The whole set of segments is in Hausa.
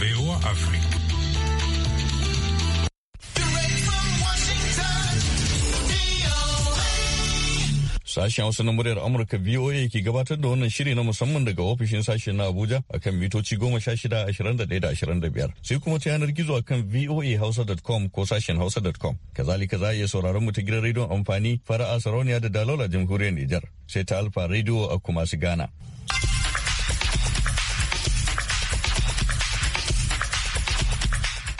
VOA Afrique. Sashen Hausa na muryar Amurka VOA ke gabatar da wannan shiri na musamman daga ofishin sashen na Abuja akan mitoci goma sha shida ashirin sai kuma ta yanar gizo akan voahausa.com ko sashen hausa.com. Kazalika za a iya sauraron mu ta gidan rediyon amfani fara'a sarauniya da dalola jamhuriyar Nijar sai ta alfa rediyo a kuma su Ghana.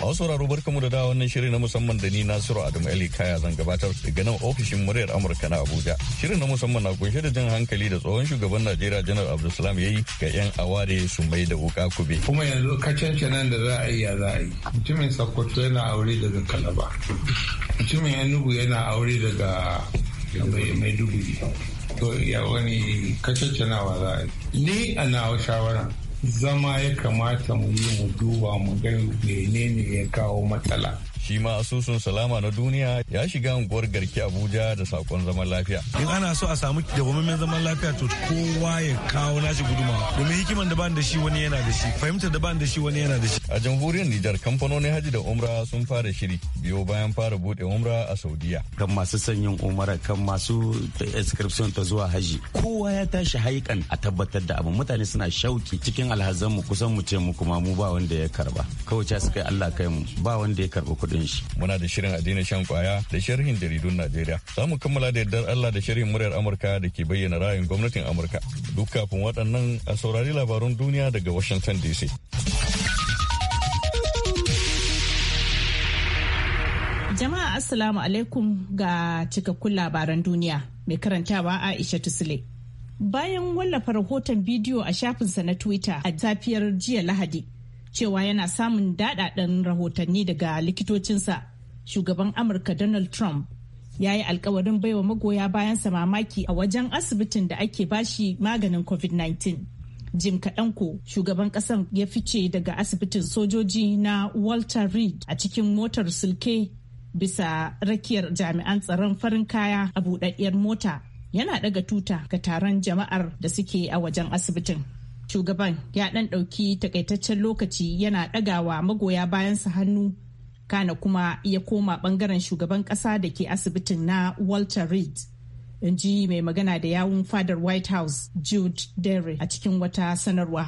a wasu sauraro barkamu da da wannan shiri na musamman da ni Nasiru Adamu Ali Kaya zan gabatar daga nan ofishin muryar Amurka na Abuja. Shirin na musamman na kunshe da jan hankali da tsohon shugaban Najeriya Janar Abdulsalam yi ga yan aware su mai da wuka kube. Kuma yanzu kacanci nan da za a yi ya za a yi. Mutumin Sokoto yana aure daga Kalaba. Mutumin Enugu yana aure daga Maiduguri. To ya wani kacanci nawa za a yi. Ni a nawa shawara zama ya kamata mu yi mu duba mu ga menene ya kawo matsala shi ma asusun salama na duniya ya shiga unguwar garki abuja da sakon zaman lafiya in ana so a samu dawwammamen zaman lafiya to kowa ya kawo nashi guduma domin hikiman da ban da shi wani yana da shi fahimtar da ban da shi wani yana da shi a jamhuriyar nijar kamfanonin haji da umra sun fara shiri biyo bayan fara bude umra a saudiya kan masu sanyin umara kan masu inscription ta zuwa haji kowa ya tashi haikan a tabbatar da abu mutane suna shauki cikin alhazan mu kusan mu ce mu kuma mu ba wanda ya karba kawai suka kai allah kai mu ba wanda ya karba kudin shi. Muna da shirin addinin shan kwaya da sharhin jaridun Najeriya. Za mu kammala da yardar Allah da sharhin muryar Amurka da ke bayyana ra'ayin gwamnatin Amurka. Duk kafin waɗannan a saurari labarun duniya daga Washington DC. Jama'a Assalamu alaikum ga cikakkun labaran duniya mai karantawa Aisha Tusile. Bayan wallafa rahoton bidiyo a shafinsa na Twitter a safiyar jiya Lahadi, cewa yana samun daɗaɗɗen rahotanni daga likitocinsa shugaban amurka donald trump ya yi alkawarin baiwa magoya bayansa mamaki a wajen asibitin da ake bashi maganin covid-19 jim kaɗanko shugaban ƙasar ya fice daga asibitin sojoji na walter reed a cikin motar sulke bisa rakiyar jami'an tsaron farin kaya a buɗaɗɗiyar mota yana ɗaga tuta ga taron jama'ar da suke a wajen asibitin shugaban ya ɗan ɗauki takaitaccen lokaci yana ɗagawa magoya bayansa hannu kana kuma ya koma ɓangaren shugaban ƙasa da ke asibitin na walter reed in ji mai magana da yawun fadar white house jude derry a cikin wata sanarwa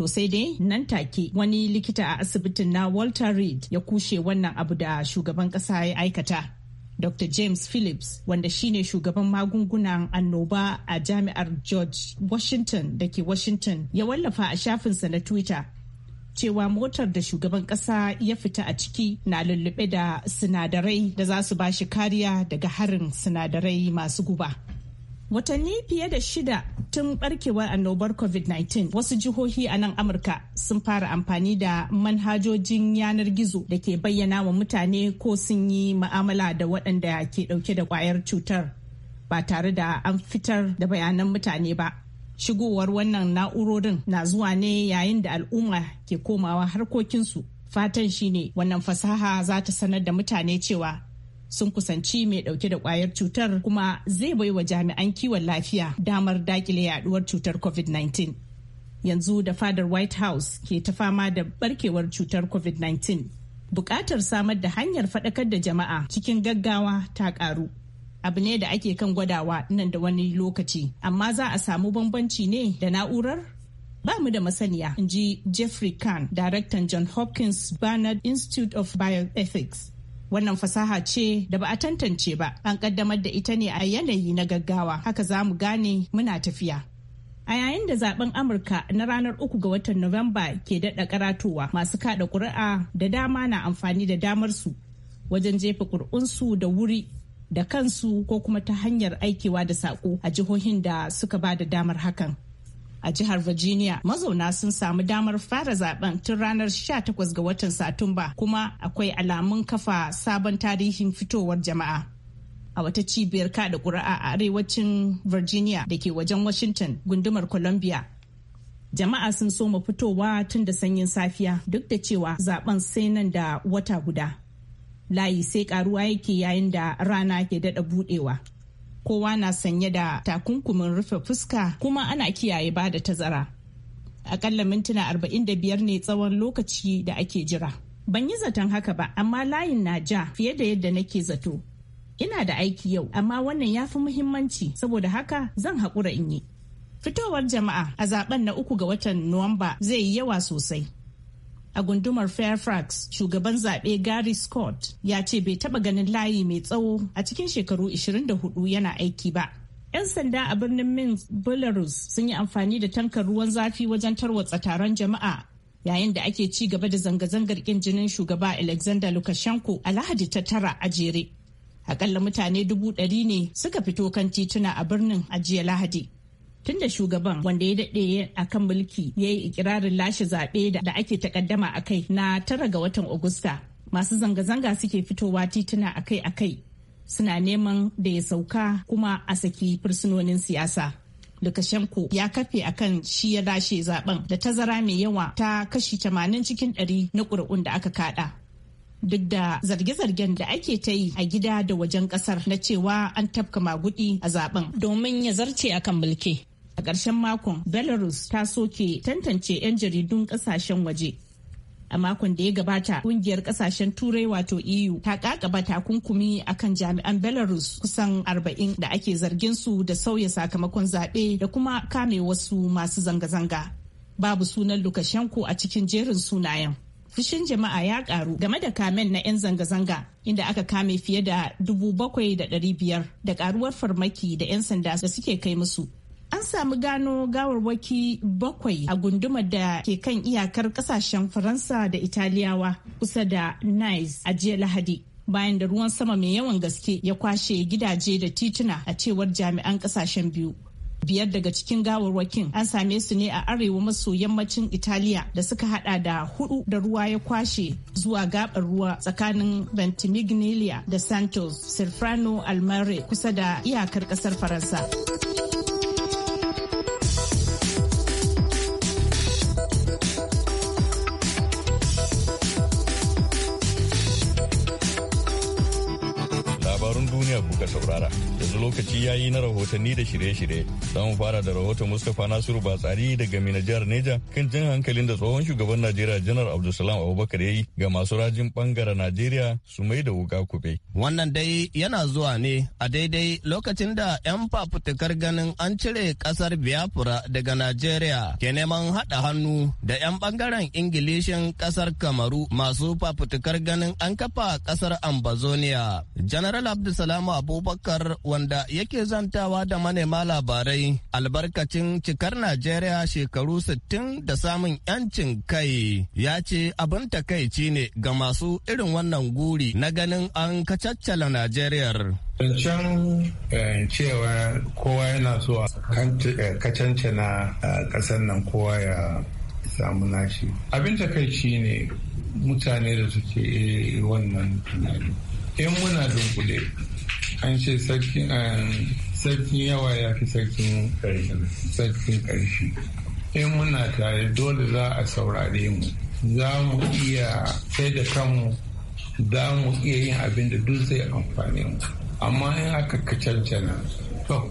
To sai dai nan take wani likita a asibitin na Walter Reed ya kushe wannan abu da shugaban kasa ya aikata. Dr. James Phillips wanda shine shugaban magungunan annoba a jami'ar George Washington da ke Washington ya wallafa a shafinsa na Twitter cewa motar da shugaban kasa ya fita a ciki na lullube da sinadarai da za su ba shi kariya daga harin sinadarai masu guba. Watanni fiye da shida tun barkewar annobar COVID-19 wasu jihohi a nan Amurka sun fara amfani da manhajojin yanar gizo da ke bayyana wa mutane ko sun yi ma'amala da waɗanda ke ɗauke da ƙwayar cutar ba tare da an fitar da bayanan mutane ba. Shigowar wannan na'urorin na zuwa ne yayin da al'umma ke komawa harkokinsu. Fatan shine wannan fasaha za ta sanar da mutane cewa sun kusanci mai dauke da kwayar cutar kuma zai baiwa jami'an kiwon lafiya damar dakile yaduwar cutar covid-19 yanzu da fadar white house ke ta fama da barkewar cutar covid-19 bukatar samar da hanyar faɗakar da jama'a cikin gaggawa ta ƙaru abu ne da ake kan gwadawa nan da wani lokaci amma za a samu bambanci ne da na'urar ba mu da masaniya in ji jeffrey kahn daraktan john hopkins barnard institute of bioethics Wannan fasaha ce da ba a tantance ba, an kaddamar da ita ne a yanayi na gaggawa, haka za mu gane muna tafiya. A yayin da zaben Amurka na ranar uku ga watan Nuwamba ke daɗa karatowa masu kaɗa ƙuri'a da dama na amfani da damarsu wajen jefa ƙuri'unsu da wuri da kansu ko kuma ta hanyar aikewa da saƙo a jihohin da suka ba da damar hakan. a jihar Virginia mazauna sun samu damar fara zaben tun ranar 18 ga watan Satumba kuma akwai alamun kafa sabon tarihin fitowar jama'a. a wata cibiyar kada ƙuri'a a arewacin virginia da ke wajen washington gundumar columbia jama'a sun soma fitowa tun da sanyin safiya duk da cewa zaben sai nan da wata guda layi sai karuwa yake yayin da rana ke daɗa buɗewa. kowa na sanye da takunkumin rufe fuska kuma ana kiyaye ba da tazara akalla mintuna arba'in da biyar ne tsawon lokaci da ake jira ban yi zaton haka ba amma layin na ja fiye da yadda nake zato ina da aiki yau amma wannan ya fi muhimmanci saboda haka zan haƙura in yi fitowar jama'a a zaben na uku ga watan nuwamba zai yi yawa sosai a gundumar Fairfax shugaban zaɓe Gary Scott ya ce bai taɓa ganin layi mai tsawo a cikin shekaru 24 yana aiki ba. 'Yan sanda a birnin Minsk, Belarus sun yi amfani da tankar ruwan zafi wajen tarwatsa taron jama'a yayin da ake ci gaba da zanga-zangar ƙin jinin shugaba Alexander Lukashenko a Lahadi ta tara a jere. Akalla mutane dubu ɗari ne suka fito kan tituna a birnin a jiya Lahadi. tunda shugaban wanda ya daɗe a kan mulki ya yi ikirarin lashe zaɓe da ake takaddama a kai na tara ga watan Agusta. Masu zanga-zanga suke fitowa tituna akai-akai suna neman da ya sauka kuma a saki fursunonin siyasa. Lukashenko ya kafe kan shi ya lashe zaben da tazara mai yawa ta kashi 80 cikin 100 na ƙuri'un da aka kada. Duk da zarge-zargen da ake ta yi a gida da wajen kasar na cewa an tafka maguɗi a zaben domin ya zarce akan mulki. A ƙarshen makon, Belarus ta soke tantance 'yan jaridun ƙasashen waje. A makon da ya gabata, ƙungiyar ƙasashen Turai wato EU ta kakaba takunkumi a kan jami'an Belarus kusan 40 da ake zargin su da sauya sakamakon zaɓe da kuma kame wasu masu zanga-zanga. Babu sunan Lukashenko a cikin jerin sunayen. fushin jama'a ya ƙaru, game da kamen na 'yan zanga-zanga inda aka kame fiye da 7,500 da ƙaruwar farmaki da 'yan sanda da suke kai musu samu gano gawarwaki bakwai a gundumar da ke kan iyakar kasashen Faransa da Italiyawa kusa da Nice a jiya Lahadi. bayan da ruwan sama mai yawan gaske ya kwashe gidaje da tituna a cewar jami'an kasashen biyu biyar daga cikin gawarwakin an same su ne a arewa maso yammacin italiya da suka hada da hudu da ruwa ya kwashe zuwa gabar ruwa tsakanin ventimiglia da santos silfrano almare kusa da iyakar kasar faransa sobrara. lokaci ya yi na rahotanni da shirye-shirye. mu fara da rahoton Mustapha Nasiru Batsari daga Mina jihar Neja kan jan hankalin da tsohon shugaban Najeriya Janar Abdulsalam Abubakar ya yi ga masu rajin bangare Najeriya su mai da wuka kube. Wannan dai yana zuwa ne a daidai lokacin da 'yan fafutukar ganin an cire kasar Biafra daga Najeriya ke neman haɗa hannu da 'yan bangaren Ingilishin kasar Kamaru masu fafutukar ganin an kafa kasar Ambazonia. General Abdulsalam Abubakar wanda da yake zantawa da manema labarai albarkacin cikar Najeriya shekaru 60 da samun 'yancin kai ya ce abin takaici ne ga masu irin wannan guri na ganin an kacaccala Najeriya. Zancen eh, cewa kowa yana so a eh, kacancana kasan nan kowa ya samu nashi. Abin takaici ne mutane da suke wannan tunani. In muna dunkule an ce sarkin eh, yawa ya fi sarkin karshe in muna tare dole za a saurare mu za mu iya sai da kanmu za mu iya yin abin da duk zai amfani mu amma in aka kacancana to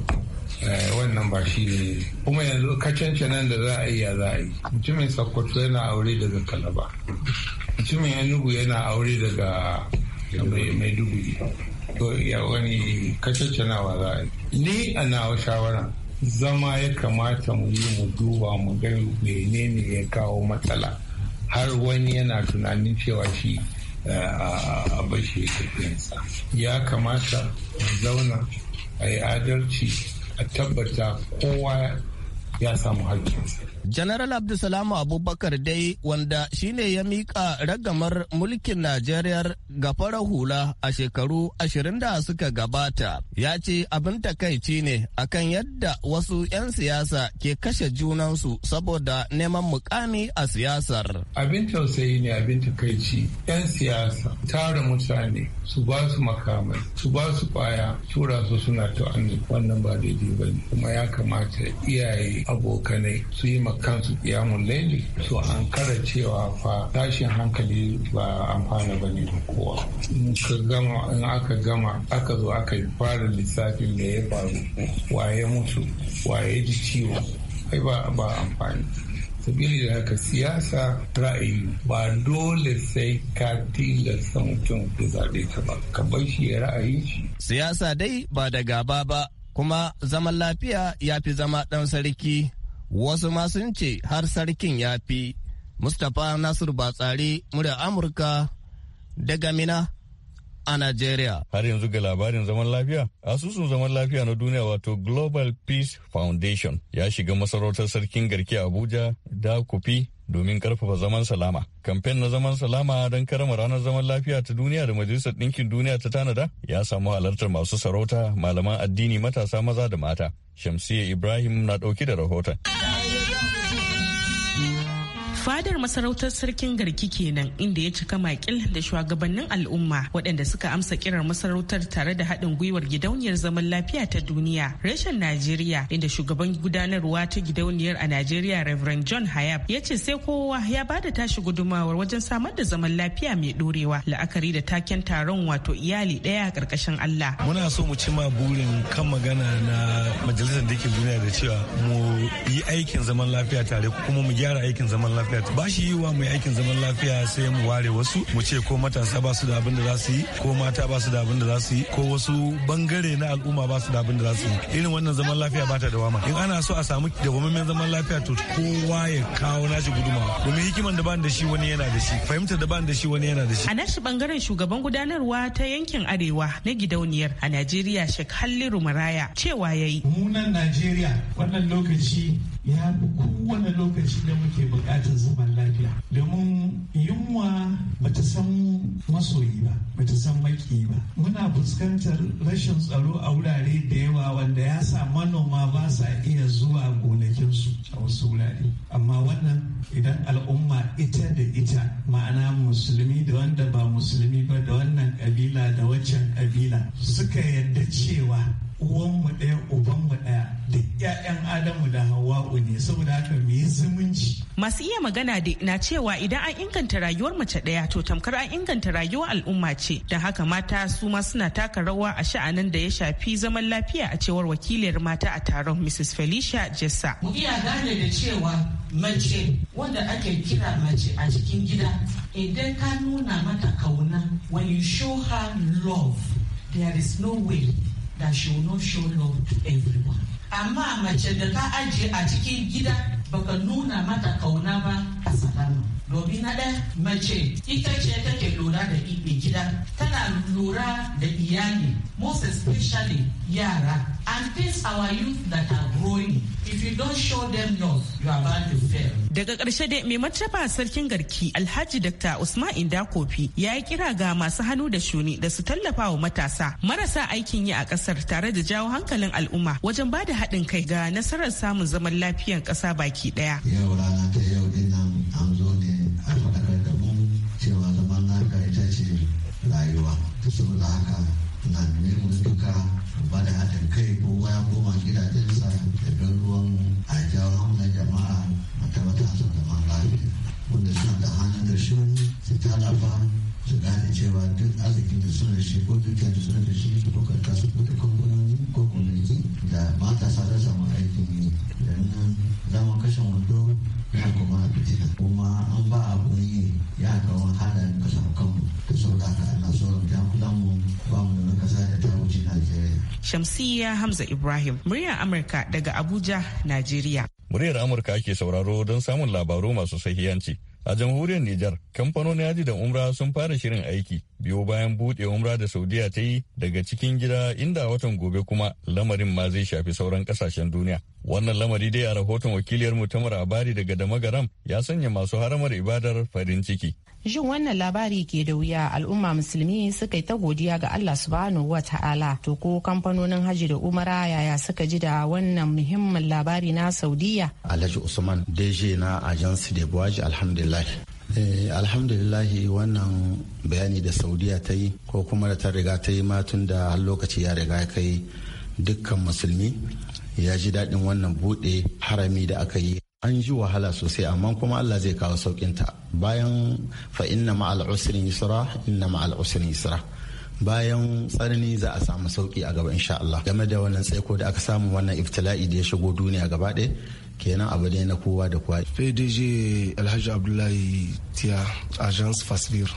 eh, wannan ba shi ne kuma yanzu kacancanan da za a yi za a yi mutumin sokoto yana aure daga kalaba mutumin yanugu yana aure daga maiduguri ya wani kacacanawa za a yi ni a nawa shawara zama ya kamata mu yi mu duba mu mene ne ya kawo matsala har wani yana tunanin cewa shi eh, a bashi tafiyansa ya kamata mu zauna a yi adalci a tabbata kowa ya samu hakkinsa General Abdulsalamu Abubakar dai wanda shine ya miƙa ragamar mulkin Najeriya ga farar hula a shekaru ashirin da suka gabata ya ce abin takaici ne akan yadda wasu 'yan siyasa ke kashe junansu saboda neman mukami a siyasar. Abin tausayi ne abin takaici 'yan siyasa tara mutane su ba su makamai su ba su kwaya tura su suna ta'anni wannan ba daidai ba ne kuma ya kamata iyaye abokanai su yi kansu kiyamun laili su an kara cewa fa tashin hankali ba amfana ba ne kowa in aka gama aka zo aka fara lissafin da ya faru waye mutu waye ji ciwo kai ba amfani sabili da haka siyasa ra'ayi ba dole sai ka tilasta mutum da zaɓe ka ba ka bar shi ya ra'ayi shi siyasa dai ba da gaba ba kuma zaman lafiya ya fi zama ɗan sarki wasu ma sun ce har sarkin ya fi mustapha nasiru batsari murya amurka daga mina a Najeriya. Har yanzu ga labarin zaman lafiya, asusun zaman lafiya na duniya wato Global Peace Foundation ya shiga masarautar sarkin garki Abuja da kufi domin karfafa zaman salama. Kamfen na zaman salama don karama ranar zaman lafiya ta duniya da Majalisar Ɗinkin Duniya ta tanada ya samu halartar masu sarauta, malaman addini matasa maza da mata. Shamsiya Ibrahim na ɗauki da rahoton. fadar masarautar sarkin garki kenan inda ya cika makil da shugabannin al'umma waɗanda suka amsa kirar masarautar tare da haɗin gwiwar gidauniyar zaman lafiya ta duniya reshen najeriya inda shugaban gudanarwa ta gidauniyar a najeriya reverend john hayab ya ce sai kowa ya bada tashi gudumawar wajen samar da zaman lafiya mai ɗorewa la'akari da taken taron wato iyali ɗaya a ƙarƙashin allah muna so mu cima burin kan magana na majalisar da ke duniya da cewa mu yi aikin zaman lafiya tare kuma mu gyara aikin zaman lafiya market ba shi yiwa mu aikin zaman lafiya sai mu ware wasu mu ce ko matasa ba su da abin da za su yi ko mata ba su da abin da za su yi ko wasu bangare na al'umma ba su da abin da za su yi irin wannan zaman lafiya ba ta dawama in ana so a samu dawamammen zaman lafiya to kowa ya kawo nashi gudumawa domin hikiman da ban da shi wani yana da shi fahimtar da ban da shi wani yana da shi a nashi bangaren shugaban gudanarwa ta yankin arewa na gidauniyar a najeriya shek halliru maraya cewa yayi mu nan najeriya wannan lokaci ya fi kowane lokaci da muke bukatar zaman lafiya domin yunwa bata san masoyi ba bata san maki ba muna fuskantar rashin tsaro a wurare da yawa wanda ya sa manoma ba sa iya zuwa gonakinsu a wasu wurare amma wannan idan al'umma ita da ita ma'ana musulmi da wanda ba musulmi ba da wannan kabila da waccan kabila suka yadda cewa uwanmu ɗaya ubanmu ɗaya duk ƴaƴan adamu da hawa'u ne saboda haka mu yi zumunci masu iya magana da na cewa idan an inganta rayuwar mace ɗaya to tamkar an inganta rayuwar al'umma ce don haka mata su ma suna taka rawa a sha'anin da ya shafi zaman lafiya a cewar wakiliyar mata a taron mrs felicia jessa mu iya gane da cewa mace wanda ake kira mace a cikin gida idan ka nuna mata kauna when you show her love there is no way that she will not show love to everyone. Amma mace da ka ajiye a cikin gida baka nuna mata kauna ba a salama. domin na ɗaya mace ita ce take lura da ibe gida tana lura da iyali most especially yara and this our youth that are growing if you don't show them love you are bound to fail daga ƙarshe dai mai martaba sarkin garki alhaji dr usman dakofi ya yi kira ga masu hannu da shuni da su tallafa wa matasa marasa aikin yi a ƙasar tare da jawo hankalin al'umma wajen ba da haɗin kai ga nasarar samun zaman lafiyan ƙasa baki ɗaya yau rana ta saboda haka ladane mu duka ba da haɗin kai kowa goma gidajen sa da garuruwan a jawo hamlar jama'a matabata su zaman lafiya wanda suna da hannun da shi su tallafa su gane cewa duk arzikin da suna shi ko dukiyar da suna da shi su kokarta su buɗe kamfanoni ko gwamnati da matasa da samu aikin yi da nan zama kashe wando ya kuma fitina kuma an ba abun yi ya kawo hada ka kanmu da saboda kasa da ta wuce Najeriya. Shamsiyya Hamza Ibrahim, muryar Amurka daga Abuja, Najeriya. Muryar Amurka ake sauraro don samun labaru masu sahihanci. A jamhuriyar Nijar, kamfanoni haji da Umra sun fara shirin aiki biyo bayan buɗe Umra da Saudiya ta yi daga cikin gida inda watan gobe kuma lamarin ma zai shafi sauran kasashen duniya. Wannan lamari dai a rahoton wakiliyar mu Tamar Abari daga Damagaram ya sanya masu haramar ibadar farin ciki. Shin wannan labari ke da wuya al'umma musulmi suka yi ta godiya ga Allah subhanahu wa ta'ala to ko kamfanonin hajji da umara yaya suka ji da wannan muhimmin labari na Saudiya. Alhaji Usman Deje na Ajansi da Buwaji alhamdulillah alhamdulillah eh, alhamdulillah wannan bayani da saudiya ta yi ko kuma da ta riga ta yi ma tun da lokaci ya riga ya kai dukkan musulmi ya ji daɗin wannan buɗe harami da aka yi an ji wahala sosai amma kuma Allah zai kawo ta bayan fa inna ma'al usrin yusra inna ma'al usrin isra bayan tsanani za a samu sauki a gaba insha Allah game da wannan tsaiko da aka samu wannan iftila'i da ya shigo duniya gaba ɗaya kenan abu ne na kowa da kowa pdg alhaji abdullahi tia agence fasbir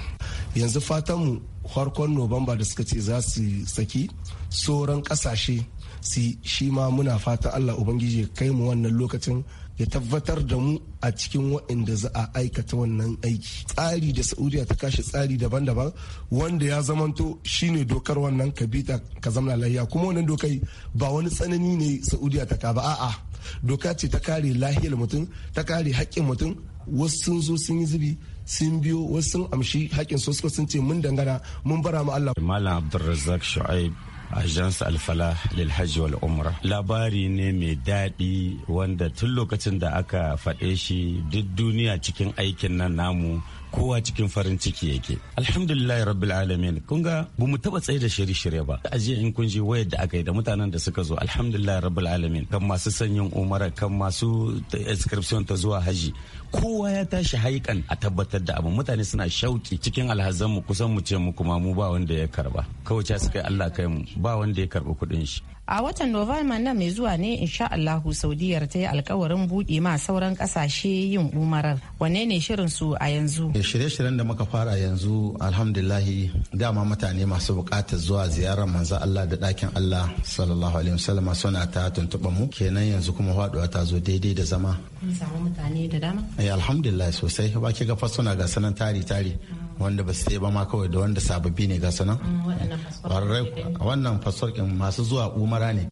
yanzu fatanmu farkon nobamba da suka ce za su saki sauran kasashe si shi ma muna fata allah ubangiji kai mu wannan lokacin ya tabbatar da mu a cikin waɗanda za a aikata wannan aiki tsari da saudiya ta kashe tsari daban-daban wanda ya zamanto shine dokar wannan kabita ka zamna lahiya kuma wannan dokai ba wani tsanani ne saudiya ta ka ba a'a doka ce ta kare lahiyar mutum ta kare haƙƙin mutum wasu sun zo sun yi zubi sun biyo wasu sun amshi haƙƙin su sun ce mun dangana mun bara mu Allah. Malam Abdulrazak Shu'aib al Alfala lil Hajji wal Umra. Labari ne mai daɗi wanda tun lokacin da aka faɗe shi duk duniya cikin aikin nan namu kowa cikin farin ciki yake alhamdulillah rabbil alamin kun ga ba mu taba tsaye da shirye-shirye ba a jiya in kun ji wayar da aka yi da mutanen da suka zo alhamdulillah rabbil alamin kan masu sanyin umara kan masu inscription ta zuwa haji kowa ya tashi haikan a tabbatar da abu mutane suna shauki cikin alhazan mu kusan mu ce mu kuma mu ba wanda ya karba kawai suka yi Allah kai mu ba wanda ya karba kuɗin shi a watan novemba nan mai zuwa ne insha allahu saudiyar ta yi alkawarin buɗe ma sauran ƙasashe yin umarar wanne ne shirin su a yanzu eh, shirye-shiryen da muka fara yanzu alhamdulillahi dama mutane masu buƙatar zuwa ziyarar manza allah da ɗakin allah sallallahu alaihi wasallam suna ta tuntuɓa mu kenan yanzu kuma faɗuwa ta zo daidai da zama kun samu mutane da dama eh, alhamdulillah sosai ba ke ga ga sanan tari tari ah. wanda ba su sai ba ma kawai da wanda sababbi ne ga sanan mm, wannan fasorkin masu zuwa umara ne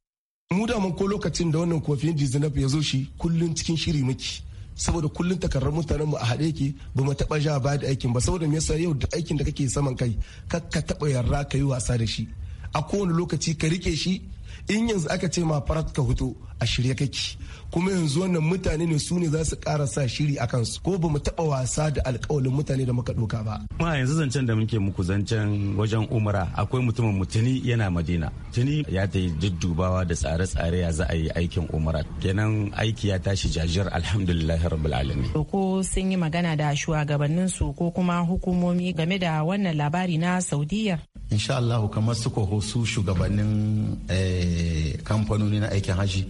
mu da ko lokacin da wannan kofin zinab ya zo shi kullun cikin shiri muke saboda kullun takarar mutanen mu a haɗe yake ba mu taɓa ja ba da aikin ba saboda me yasa yau da aikin da kake saman kai kakka ka taɓa yarra ka wasa da shi a kowane lokaci ka rike shi in yanzu aka ce ma farat ka hutu a shirye kake kuma yanzu wannan mutane ne su ne za su ƙara sa shiri a kansu ko ba mu taɓa wasa da alƙawalin mutane da muka ɗoka ba. ma yanzu zancen da muke muku zancen wajen umara akwai mutumin mutuni yana madina tuni ya ta yi duddubawa da tsare-tsare ya za a yi aikin umara kenan aiki ya tashi jajiyar alhamdulillah rabbil alamin. ko sun yi magana da shugabannin su ko kuma hukumomi game da wannan labari na saudiya. insha allahu kamar su su shugabannin eh, kamfanoni na aikin haji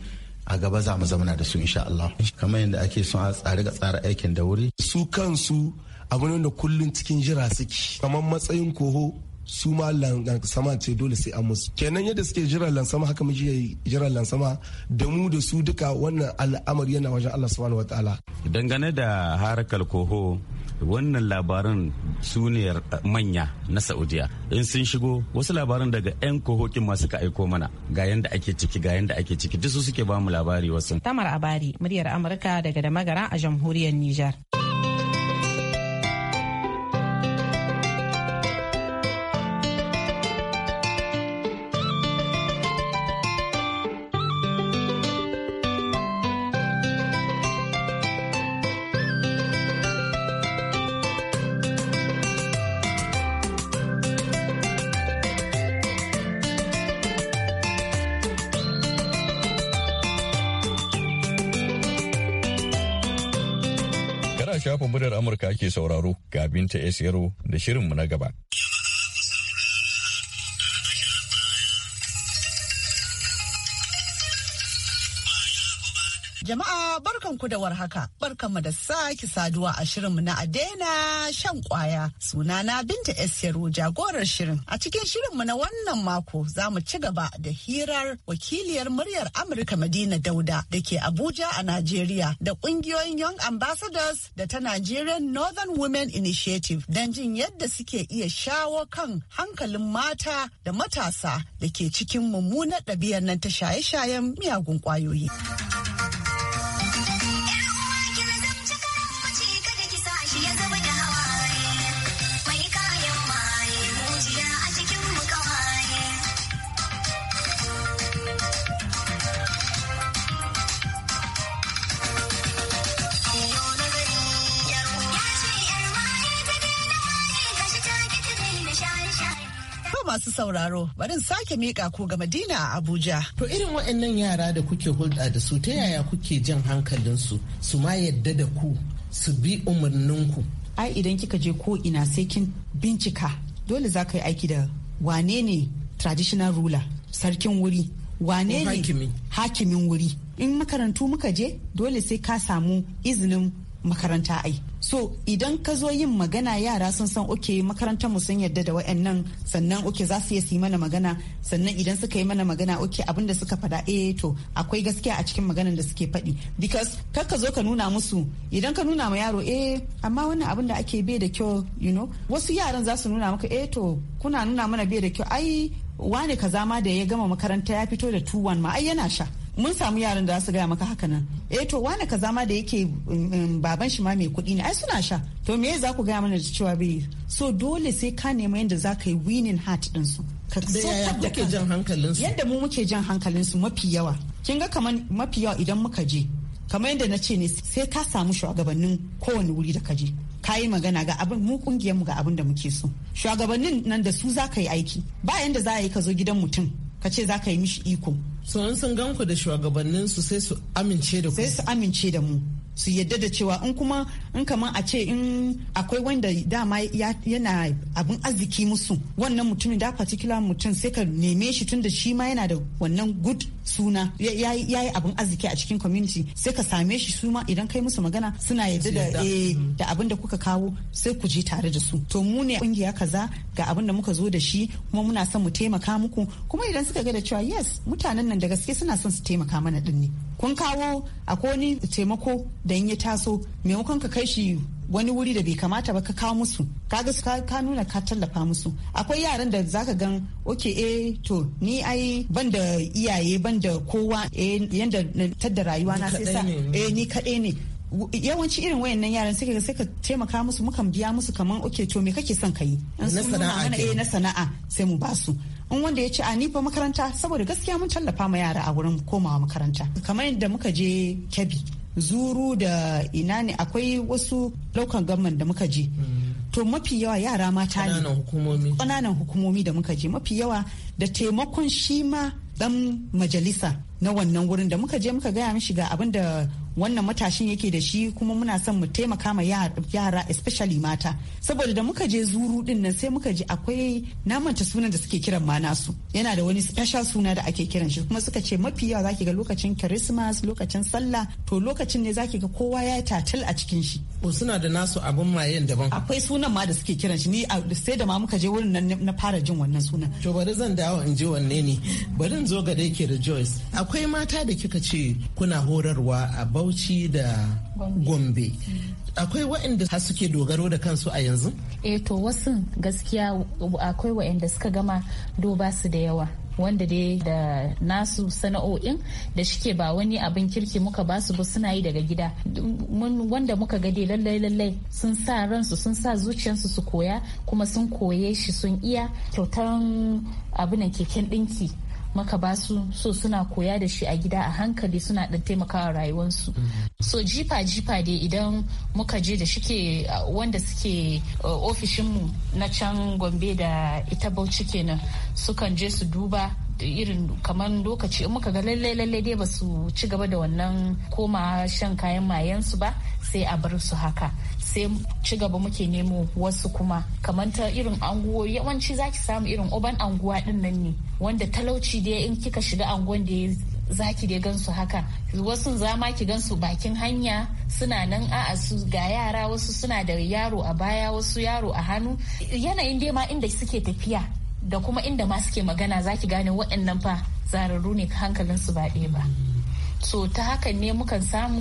a gaba za mu zamana da su insha Allah kamar yadda ake son a tsare ga tsara aikin da wuri su kansu abu da kullun cikin jira suke kamar matsayin koho su ma lansama ce dole sai an musu kenan yadda suke jiran lansama haka muke jiran lansama da mu da su duka wannan al'amari yana wajen Allah subhanahu wataala dangane da harakar koho wannan labaran su manya na saudiya in sun shigo wasu labaran daga 'yan kohokin masu ka aiko mana ga yanda ake ciki ga yanda ake ciki duk su suke ba mu labari wasu tamar abari muryar amurka daga da magara a jamhuriyar nijar. Cicero da shirinmu na gaba. Jama'a barkan ku da warhaka, mu da sake saduwa a mu na Adena shan kwaya. na Binta Esiyaro jagorar shirin. A cikin shirin mu na wannan mako za mu ci gaba da hirar wakiliyar muryar Amurka Madina Dauda da ke Abuja a Najeriya da kungiyoyin Young Ambassadors da ta Nigerian Northern Women Initiative don jin yadda suke iya shawo kan hankalin mata da matasa da ke cikin mummunar ɗabi'ar nan ta shaye-shayen miyagun ƙwayoyi. masu sauraro barin sake mika ku ga Madina a Abuja. To irin waɗannan yara da kuke hulɗa da su ta yaya kuke jan hankalinsu su ma yadda da ku su bi umarnin ku. Ai idan kika je ko ina sai kin bincika dole za ka yi aiki da wane ne traditional ruler sarkin wuri wane ne hakimin wuri in makarantu muka je dole sai ka samu izinin makaranta ai so idan ka zo yin magana yara sun san oke makarantar mu sun yadda da wayannan sannan oke za su iya su yi mana magana sannan idan suka yi mana magana oke abin da suka faɗa eh to akwai gaskiya a cikin maganar da suke faɗi because kar ka zo ka nuna musu idan ka nuna ma yaro eh amma wannan abin da ake bai da kyau you know wasu yaran za su nuna maka eh to kuna nuna mana bai da kyau ai wane kaza ma da ya gama makaranta ya fito da tuwan ma ai yana sha mun samu yaran da su gaya maka haka nan eh to wani kaza ma da yake um, um, baban shi ma mai kuɗi ne ai suna sha to me za ku gaya mana da cewa bai so dole sai ka nema yadda za ka yi winning heart din su yadda mu muke jan hankalin su mafi yawa kin ga kamar mafi yawa idan muka je kamar yadda na ce ne sai ka samu shugabannin kowane wuri da ka je ka yi magana ga abin mu kungiyar mu ga abin da muke so shugabannin nan da su za ka yi aiki ba yadda za a yi ka zo gidan mutum ka ce za ka yi mishi iko so an sun ganku da shugabannin su sai su amince da ku sai su amince da mu su yadda da cewa in kuma in kamar a ce in akwai wanda dama yana abin arziki musu wannan mutumin da particular mutum sai ka neme shi tun da shi ma yana da wannan good suna ya yi abin arziki a cikin community sai ka same shi su ma idan kai musu magana suna yadda da eh, mm. da abin da kuka kawo sai ku je tare da su to mu ne kungiya kaza ga abin da muka zo da shi kuma muna son mu taimaka muku kuma idan suka ga da cewa yes mutanen nan da gaske suna son su taimaka mana din ne kun kawo akwai wani taimako da in ya taso maimakon ka kai shi wani wuri da bai kamata ba ka kawo musu ka ga ka nuna ka tallafa musu akwai yaran da zaka gan oke eh to ni ai ban da iyaye ban da kowa eh yanda tadda rayuwa na sai sa eh ni kaɗai ne yawanci irin wayannan yaran sai ka taimaka musu mukan biya musu kaman oke to me kake son kayi yi na sana'a eh na sana'a sai mu ba su in wanda ya ce a ni fa makaranta saboda gaskiya mun tallafa ma yara a wurin komawa makaranta kamar yadda muka je Kebbi zuru da ina ne akwai wasu laukan gamman da muka je mm. to mafi yawa yara mata ne ƙananan hukumomi da muka je mafi yawa da taimakon shi ma dan majalisa na wannan wurin da muka je muka gaya mishi ga abin da wannan matashin yake da shi kuma muna son mu taimaka ma yara especially mata saboda da muka je zuru din nan sai muka je akwai namanta sunan da suke kiran ma nasu yana da wani special suna da ake kiran shi kuma suka ce mafi yawa zaki ga lokacin christmas lokacin sallah to lokacin ne zaki ga kowa ya tatal a cikin shi ko suna da nasu abun mayen daban akwai sunan ma da suke kiran shi ni sai da ma muka je wurin nan na fara jin wannan sunan to bari zan dawo in ji wanne ne bari in zo ga da yake da Joyce akwai mata da kika ce kuna horarwa a Bauchi da Gombe. akwai waɗanda har suke dogaro da kansu a yanzu? eh to wasu gaskiya akwai waɗanda suka gama doba su da yawa wanda dai da nasu sana'o'in da shike ba wani abin kirki muka ba su ba suna yi daga gida wanda muka gade lallai lallai sun sa ransu sun sa zuciyarsu su koya kuma sun koye shi sun iya kyautar abinan keken ɗinki maka ba su so suna koya da shi a gida a hankali suna dan taimakawa rayuwarsu so jifa jifa dai idan muka je da shike uh, wanda suke uh, ofishinmu na can gombe da ita bauchi kenan sukan je su duba irin kamar lokaci in muka ga lallai lallai dai ba su ci gaba da wannan koma shan kayan mayansu ba sai a bar su haka sai ci gaba muke nemo wasu kuma kamar ta irin anguwa yawanci zaki samu irin oban anguwa din nan ne wanda talauci dai in kika shiga anguwan da ya zaki dai gansu haka wasu zama ki gansu bakin hanya suna nan a'a su ga yara wasu suna da yaro a baya wasu yaro a hannu yanayin dai ma inda suke tafiya da kuma inda ma suke magana za ki gane waɗannan fa zararru ne hankalin su ba ba so ta hakan ne mukan samu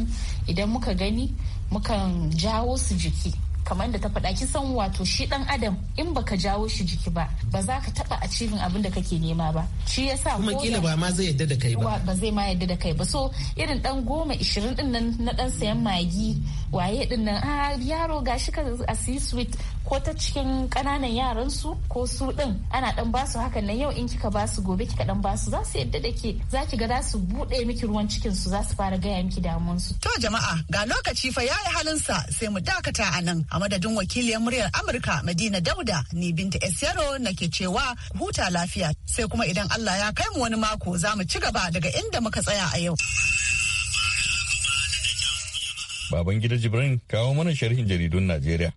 idan muka gani mukan jawo su jiki kamar da ta faɗa ki san wato shi ɗan adam in baka jawo shi jiki ba ba za ka taɓa achieving abin da kake nema ba shi ya sa kuma kila ba ma zai yadda da kai ba ba zai ma yadda da kai ba so irin ɗan goma ishirin din nan na ɗan sayan magi waye ɗin nan a ah, yaro gashi ka a sweet ko ta cikin ƙananan yaran su ko su ɗin ana ɗan basu hakan nan yau in kika basu gobe kika ɗan basu za su yadda da ke za ki ga za su buɗe miki ruwan cikin su za su fara gaya miki damuwan su. To jama'a ga lokaci fa yayi halinsa sai mu dakata anan a madadin wakiliyar muryar Amurka Madina Dauda ni Binta Esero nake cewa huta lafiya sai kuma idan Allah ya kai mu wani mako za mu ci gaba daga inda muka tsaya a yau. Babangida gida Jibrin kawo mana sharhin jaridun Najeriya.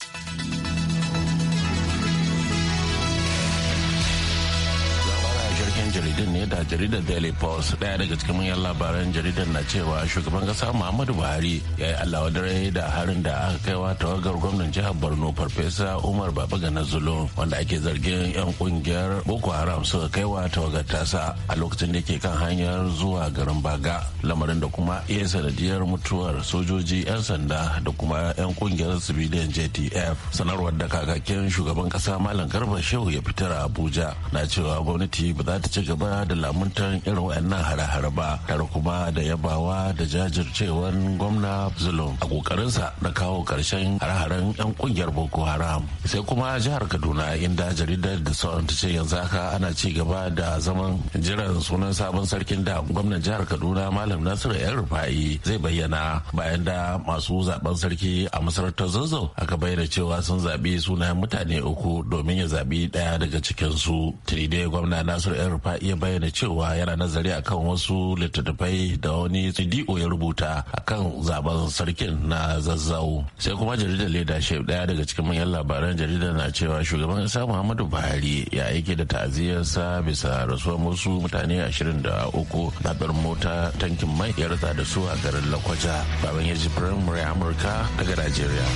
da jaridar daily post daya daga cikin manyan labaran jaridar na cewa shugaban kasa muhammadu buhari ya yi allah da harin da aka kaiwa tawagar gwamnan jihar borno farfesa umar na zulum wanda ake zargin yan kungiyar boko haram suka kaiwa tawagar tasa a lokacin da ke kan hanyar zuwa garin baga lamarin da kuma iya sanadiyar mutuwar sojoji yan sanda da kuma yan kungiyar civilian jtf sanarwar da kakakin shugaban kasa malam garba shehu ya fitar a abuja na cewa gwamnati ba za ta ci gaba da lamu makamantan irin wayannan hare-hare ba tare kuma da yabawa da jajircewar gwamna zulum a kokarinsa na kawo karshen hare-haren 'yan kungiyar boko haram sai kuma jihar kaduna inda jaridar da sauran ta ce yanzu haka ana ci gaba da zaman jiran sunan sabon sarkin da gwamnan jihar kaduna malam nasiru yan rufa'i zai bayyana bayan da masu zaben sarki a masarautar zazzau aka bayyana cewa sun zaɓi sunayen mutane uku domin ya zaɓi ɗaya daga cikinsu su dai gwamna nasiru yan rufa'i ya bayyana cewa cewa yana nazari akan wasu littattafai da wani di'o ya rubuta akan zaben sarkin na zazzau sai kuma jaridar leda shef daya daga cikin manyan labaran jaridar na cewa shugaban kasa muhammadu buhari ya aike da ta'aziyarsa bisa rasuwar wasu mutane ashirin da uku. zaɓen mota tankin mai ya rutsa da su a garin lakwaja baban yaji ji firamare amurka daga najeriya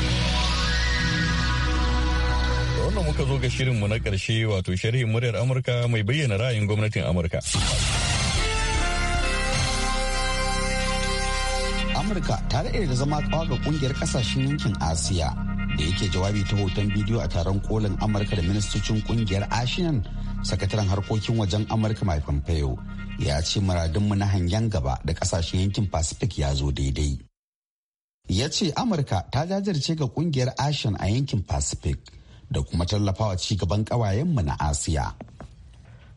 wannan muka zo ga mu na ƙarshe wato sharhin muryar Amurka mai bayyana ra'ayin gwamnatin Amurka. Amurka ta daɗe da zama kawa ga ƙungiyar ƙasashen yankin Asiya da yake jawabi ta hoton bidiyo a taron kolin Amurka da ministocin ƙungiyar asian sakataren harkokin wajen Amurka mai Pompeo ya ce muradinmu na hangen gaba da ƙasashen yankin Pacific ya zo daidai. Ya ce Amurka ta jajirce ga ƙungiyar asian a yankin Pacific. da kuma tallafawa ci gaban ƙawayenmu na asiya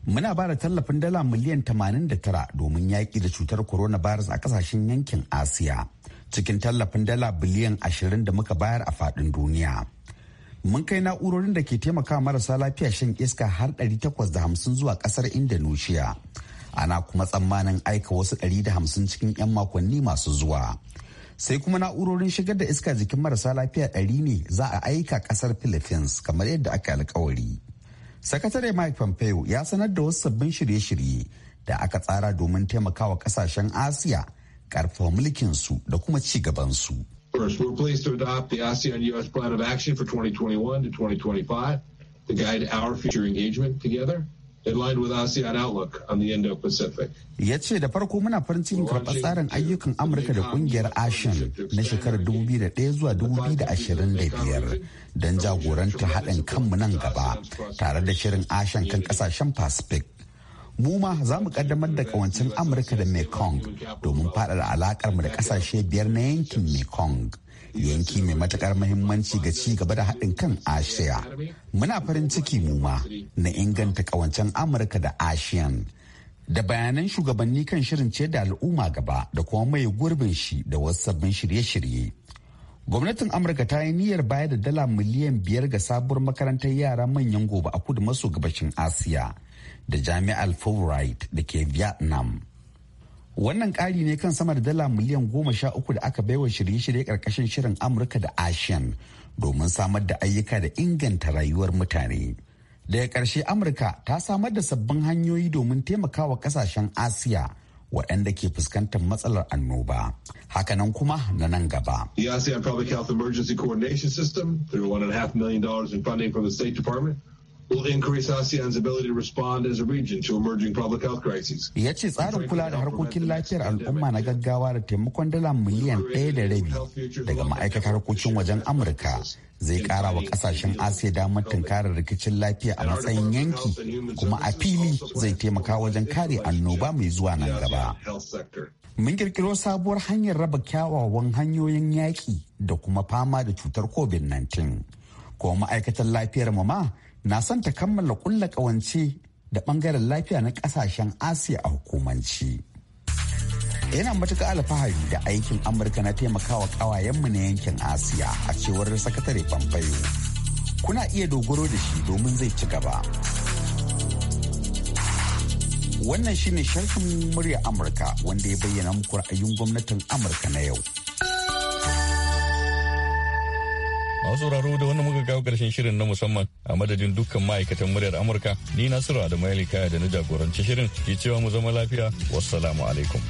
muna ba da tallafin dala miliyan 89 domin yaƙi da cutar corona coronavirus a ƙasashen yankin asiya cikin tallafin dala biliyan 20 da muka bayar a faɗin duniya mun kai na'urorin da ke taimakawa marasa lafiya shan iska har 850 zuwa ƙasar indonesia ana kuma tsammanin aika wasu 150 cikin 'yan makonni masu zuwa. sai kuma na'urorin shigar da iska jikin marasa lafiya ɗari ne za a aika ƙasar philippines kamar yadda aka alkawari sakatare mike pompeo ya sanar da wasu sabbin shirye-shirye da aka tsara domin taimakawa ƙasashen asiya mulkin su da kuma ci gaban su the ASEAN-US Plan of Action for to to guide our future engagement together. yace with ASEAN outlook on the Indo-Pacific. Ya da farko muna farin cikin karɓar tsarin ayyukan Amurka da kungiyar ASEAN na shekarar 2001 zuwa 2025 don jagoranta haɗin kanmu nan gaba tare da shirin ASEAN kan ƙasashen Pacific. Mu ma za mu kaddamar da kawancin Amurka da Mekong domin faɗaɗa alaƙarmu da ƙasashe biyar na yankin Mekong. yanki mai matakar mahimmanci ga ci gaba da haɗin kan Ashiya. muna farin ciki mu ma na inganta kawancen amurka da asiyan da bayanan shugabanni kan shirin ce da al'umma gaba da kuma mai gurbin shi da wasu sabbin shirye-shirye gwamnatin amurka ta yi niyyar bayar da dala miliyan biyar ga sabuwar makarantar yara manyan gobe a kudu maso gabashin asiya da jami'ar fulbright da ke vietnam wannan ƙari ne kan sama da dala miliyan goma sha uku da aka baiwa shirye-shirye ƙarƙashin shirin amurka da asian domin samar da ayyuka da inganta rayuwar mutane daga ƙarshe amurka ta samar da sabbin hanyoyi domin taimakawa ƙasashen asiya waɗanda ke fuskantar matsalar annoba. Hakanan kuma na nan gaba. The ASEAN Public Health Emergency Coordination System, through $1.5 million in funding from the State Department, Ya ce tsarin kula da harkokin lafiyar al'umma na gaggawa da taimakon dala miliyan ɗaya da rabi daga ma'aikatar harkokin wajen Amurka zai ƙara wa kasashen Asiya damar tunkarar rikicin lafiya a matsayin yanki kuma a fili zai taimaka wajen kare annoba mai zuwa nan gaba. Mun kirkiro sabuwar hanyar raba kyawawan hanyoyin yaƙi da kuma fama da cutar COVID-19. ko ma'aikatar lafiyar mu ma na son ta kammala kulla kawance da bangaren lafiya na kasashen asiya a hukumanci yana matuka alfahari da aikin amurka na taimakawa kawayenmu na yankin asiya a cewar sakatare pompeo kuna iya dogaro da shi domin zai ci gaba wannan shine sharhin murya amurka wanda ya bayyana muku ra'ayin gwamnatin amurka na yau Masu sauraro da wannan muka kawo karshen shirin na musamman a madadin dukkan ma'aikatan muryar Amurka ni Nasiru Adamu Kaya da na jagoranci shirin ke cewa mu zama lafiya wassalamu alaikum.